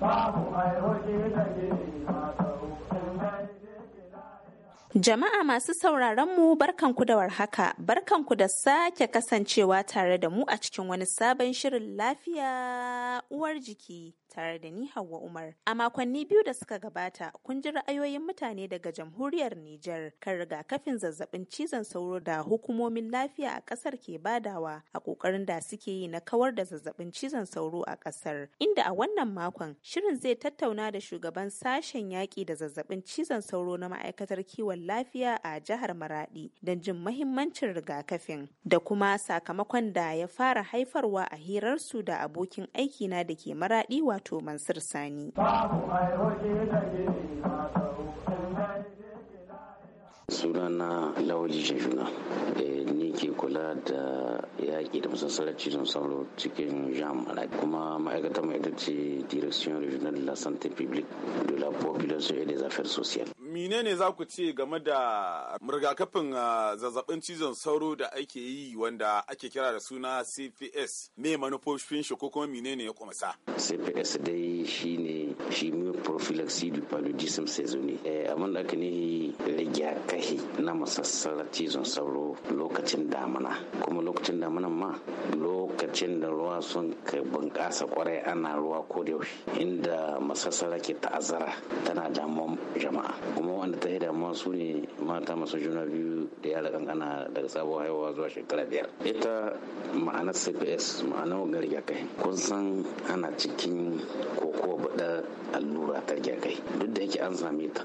Babu mai hoji da ke mata. Jama'a masu sauraron mu ku da warhaka, barkanku da sake kasancewa tare da mu a cikin wani sabon shirin lafiya uwar jiki tare da ni Hauwa Umar. A makonni biyu da suka gabata, kun ji ra'ayoyin mutane daga jamhuriyar Nijar kan rigakafin zazzabin cizon sauro da hukumomin lafiya a ƙasar ke badawa a ƙoƙarin da suke yi na kawar da zazzabin cizon sauro a ƙasar, Inda a wannan makon, shirin zai tattauna da shugaban sashen yaƙi da zazzabin cizon sauro na ma'aikatar kiwon kiwon lafiya a jihar Maradi don jin mahimmancin rigakafin da kuma sakamakon da ya fara haifarwa a hirarsu da abokin aikina da ke Maradi wato Mansur Sani. sunana lawali shafina eh, ni ke kula da yaƙi da masassarar cizon sauro cikin jam kuma ma'aikatar mai ita ce direction regional de la santé publique de la population et des affaires sociales menene za ku ce game da rigakafin ah, zazzabin cizon sauro da ake yi wanda ake kira da suna CPS me manufofin shi ko kuma menene ya kumasa? CPS dai shine shimio prophylaxis du paludism saisonnier. Eh, abin da aka rigakafi na masassarar cizon sauro lokacin damana. Kuma lokacin damana ma lokacin da ruwa sun kai bunƙasa kwarai ana ruwa ko da yaushe inda masassara ke ta'azzara tana damuwa jama'a. kuma wanda ta yi ma su ne mata masu juna biyu da yara kankana daga sabon haihuwa zuwa shekara biyar ita ma'anar cps ma'anar garga kai kun san ana cikin koko bada allura ta kai duk da yake an same ta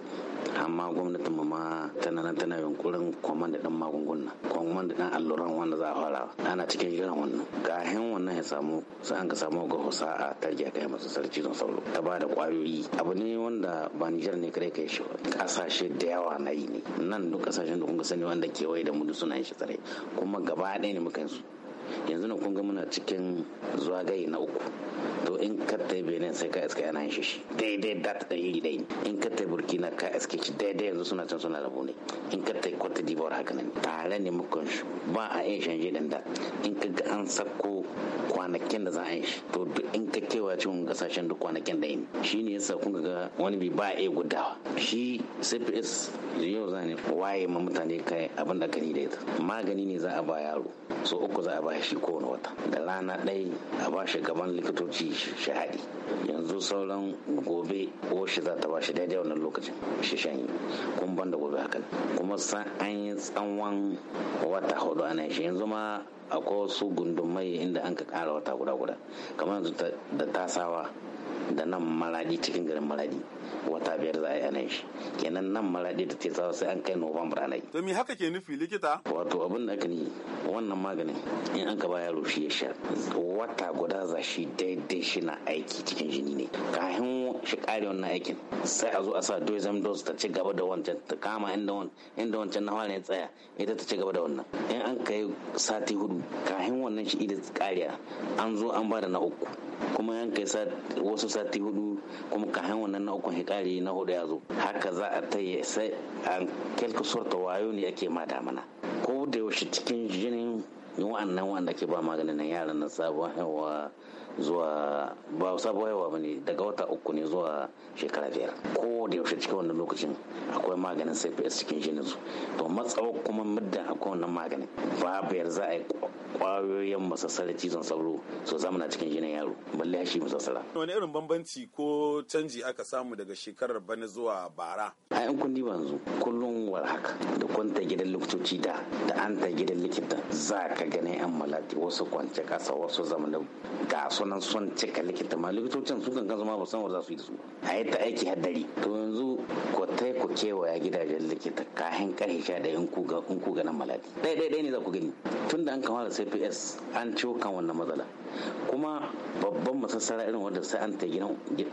amma gwamnatin mu ma tana nan tana yunkurin kwaman da dan magunguna kwamman da dan alluran wanda za a fara ana cikin jiran wannan kahin wannan ya samu sai an ka samu ga hosa a tarjiya kai masu sarki don sauro ta ba da kwayoyi abu ne wanda ba Nijar ne kare kai shi ba kasashe da yawa na yi ne nan duk kasashen da kun sani wanda kewaye da mudu suna yin shi tsare kuma gaba ɗaya ne muka yanzu yanzu na kun ga muna cikin zuwa na uku to in ka tai benin sai ka iska yana shi daidai dat da yi dai in ka ta burkina ka iske shi daidai yanzu suna can suna rabu ne in ka ta kwata dibawar haka nan tare ne mukan shi ba a yin shanje da in ka ga an sako kwanakin da za a yi shi to in ka kewa cikin kasashen duk kwanakin da yin shi ne yasa kun ga wani bi ba a iya gudawa shi cps yau za ne waye ma mutane kai abin da gani da ita magani ne za a ba yaro so uku za a ba shi kowane wata da rana ɗaya a ba shi gaban likitoci shahadi yanzu sauran gobe ko shi za ta bashi daidai wannan lokacin shi shanyi kun ban da gobe hakan kuma san an yi tsawon wata hudu ana shi yanzu ma akwai wasu gundumai inda an ka kara wata guda guda kamar yanzu da tasawa da nan maradi cikin garin maladi wata biyar za a yi shi kenan nan maradi da tesawa sai an kai novambar anai to me haka ke nufi likita wato abin da aka ni wannan maganin in an ka ba yaro shi ya sha wata guda za shi daidai shi na aiki cikin jini ne kafin shi kare wannan aikin sai a zo a sa dozem dose ta ci gaba da wancan ta kama inda wancan na hawa ya tsaya ita ta ci gaba da wannan in an kai sati hudu kafin wannan shi da kariya an zo an da na uku kuma yan kai wasu sati hudu kuma kafin wannan na uku hikari na hudu ya zo haka za a ta yi sai an kelka sorta wayo ne ake ma mana ko da yaushe cikin jinin wa'annan wanda ke ba maganin yaran na sabuwa zuwa ba sabuwa yawa ba ne daga wata uku ne zuwa shekara biyar ko da yaushe cikin wannan lokacin akwai maganin cps cikin nasu to matsawa kuma muddin akwai wannan maganin babu yar za a yi kwayoyin masassarar cizon sauro su zamana cikin jinin yaro balle shi masassara. wani irin bambanci ko canji aka samu daga shekarar bana zuwa bara a yan kundi zo. kullum war haka da kwanta gidan likitoci da da an ta gidan likita za ka gani yan malati wasu kwance kasa wasu zama da gasu nan son cika likita ma likitocin su kan kansu ma ba san wa za su yi da su a yi ta aiki haddari to yanzu ko tai ku kewaya gidajen likita kahin karhe sha da yan kuga kun kuga nan ɗaya ɗaya ne za ku gani tunda an kama da cps an ciwo kan wannan matsala kuma babban masassara irin wanda sai an ta gina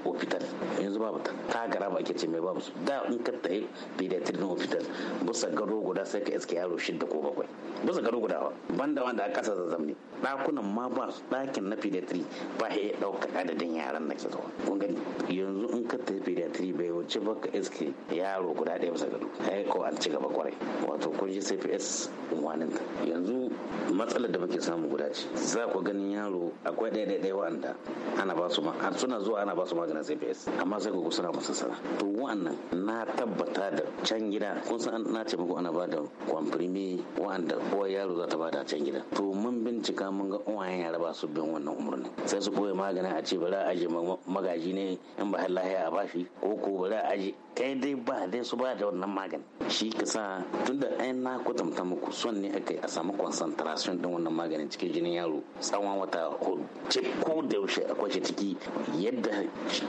hospital yanzu babu ta ta gara ba ake ce mai babu su da in ka tayi pediatric hospital bisa gado guda sai ka iske yaro shidda ko bakwai bisa gado guda ba banda wanda a ƙasa zazzam ne ɗakunan ma ba ɗakin na pediatric ba ya dauka adadin yaran da ke zuwa kun gani yanzu in ka tayi pediatric bai wuce ba ka iske yaro guda ɗaya bisa garo ai ko an ci gaba kwarai wato kun ji cps umarninta yanzu matsalar da muke samu guda ce za ku ganin yaro akwai ɗaya wa'anda ana ba su suna zuwa ana ba su maganin cps amma sai ku suna masu sana to wa'annan na tabbata da can gida kun san na ce muku ana ba da kwamfirmi wa'anda uwar yaro za ta ba da can gida to mun bincika mun ga uwayen yara ba su bin wannan umarni sai su koya magana a ce bari a aje magaji ne in ba lahiya a bashi ko ko bari a aje kai dai ba dai su ba da wannan magani shi ka sa tunda ai na kwatanta muku son ne aka a samu concentration din wannan maganin cikin jinin yaro tsawon wata kwance ko da yaushe a kwace ciki yadda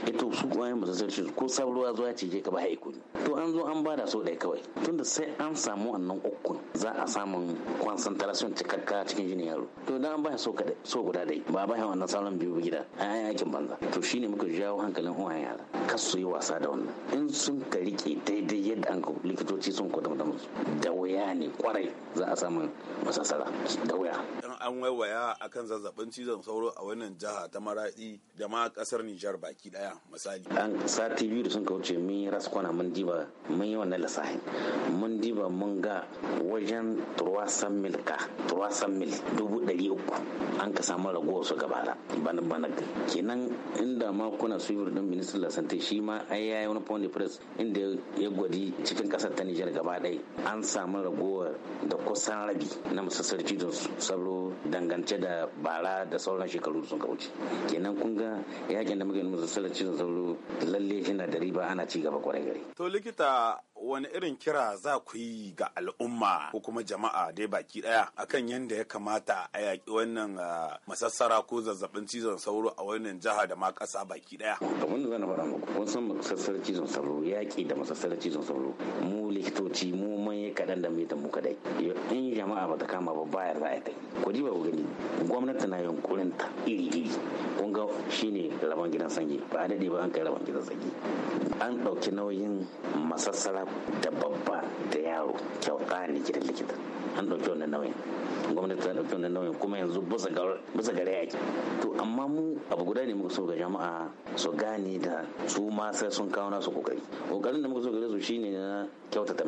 ita su kwayoyin masu ko sabruwa zuwa ce je ka ba haikuri to an zo an bada so ɗaya kawai tunda sai an samu wannan uku za a samun concentration cikakka cikin jini yaro to dan an ba so kada so guda dai ba ba wannan sauran biyu gida yayin yakin banza to shine muka jawo hankalin uwayen yara Ka su yi wasa da wannan in sun ka rike daidai yadda an likitoci sun kwatanta musu da wuya ne kwarai za a samu masasara da wuya an waiwaya akan zazzabin cizon sauro a wannan jiha ta maradi da ma kasar Nijar baki daya misali. An sati biyu da sun kauce mun yi raskwana mun diba mun yi wannan lissafi mun diba mun ga wajen turwasan mil ka turwasan mil dubu ɗari uku an ka samu ragowar su gaba da bana bana kenan inda ma kuna su yi don ministan lasante shi ma ai ya yi wani pound press inda ya gwadi cikin kasar ta Nijar gaba ɗaya an samu ragowar da kusan rabi na musassar cizon sauro dangance da bara da sauran shekaru sun wuce kenan kun ga yakin da muke musulun cizon sauro lalle yana da riba ana ci gaba kwarai gari to likita wani irin kira za ku yi ga al'umma ko kuma jama'a dai baki daya akan yadda ya kamata a yaƙi wannan ah, masassara ko zazzabin cizon sauro a wannan jiha da ma ƙasa baki daya da wani zan fara muku kun san masassarar cizon sauro yaƙi da masassarar cizon sauro mu likitoci mu kaɗan da mita da mu kadai in jama'a ba ta kama ba bayar za a ta ku ji ba ku gani gwamnati na yunkurin ta iri iri kun ga shine rabon gidan sanyi ba a daɗe ba an kai rabon gidan sanyi an ɗauki nauyin masassara da babba da yaro kyauta ne gidan likita an ɗauki wannan nauyin gwamnati ta ɗauki wannan nauyin kuma yanzu bisa gare yaki to amma mu abu guda ne muka so ga jama'a su gane da su ma sai sun kawo nasu kokari kokarin da muka so gare su shine na kyautata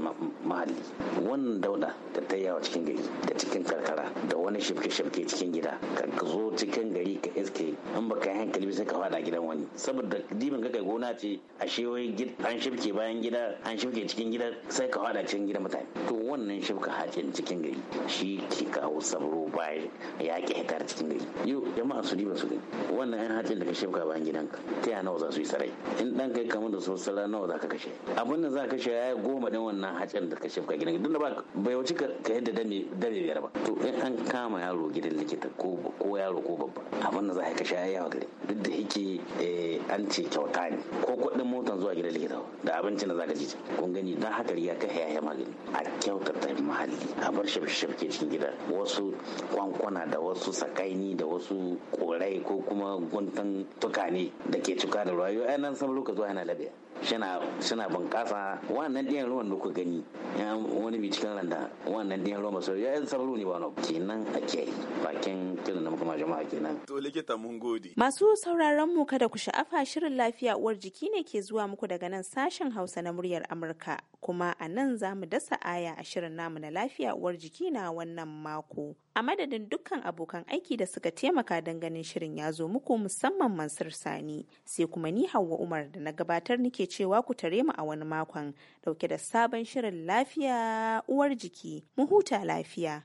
mahalli wannan dauda da ta yawa cikin gari da cikin karkara da wani shifke-shifke cikin gida ka zo cikin gari ka iske in ba ka hankali sai ka fada gidan wani saboda dimin ka kai gona ce a shewai an shifke bayan gida an shifke cikin gida sai ka fada cikin gidan mutane to wannan shifka hakin cikin gari shi ke kawo sabro bayan ya ke hekar cikin gari yau jama'a su diba su gani wannan yan hakin da ka shifka bayan gidanka ta yana nawa za su yi sarai in dan kai kamar da sosai nawa za ka kashe abin da za ka kashe ya goma din wannan hakin da ka shifka gidan gidan da ba bai wuce ka yadda dame dame biyar ba to in an kama yaro gidan likita ko ko yaro ko babba abin da za ka sha yawa gari duk da yake eh, an ce kyauta ne ko kuɗin motan zuwa gidan likita da abincin da za ka ji kun gani dan haka riga ka ya magani a kyautata mahalli a bar shafke cikin gida wasu kwankwana da wasu sakaini da wasu korai ko kuma guntun tukane da ke cuka da rayuwa nan san lokacin zuwa yana labiya suna bunƙasa wannan ɗiyan ruwan da ku gani ya wani mai cikin randa wannan ɗiyan ruwan masu ya yi ne ba na kenan a kiyaye bakin kiran da muka ma jama'a kenan. to likita mun gode. masu sauraron mu kada ku sha'afa shirin lafiya uwar jiki ne ke zuwa muku daga nan sashen hausa na muryar amurka kuma a nan za mu dasa aya a shirin namu na lafiya uwar jiki na wannan mako. a madadin dukkan abokan aiki da suka taimaka don ganin shirin ya zo muku musamman mansur sani sai kuma ni hawa umar da na gabatar nake cewa ku tare mu a wani makon dauke da sabon shirin lafiya uwar jiki mu huta lafiya.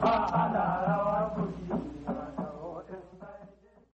sai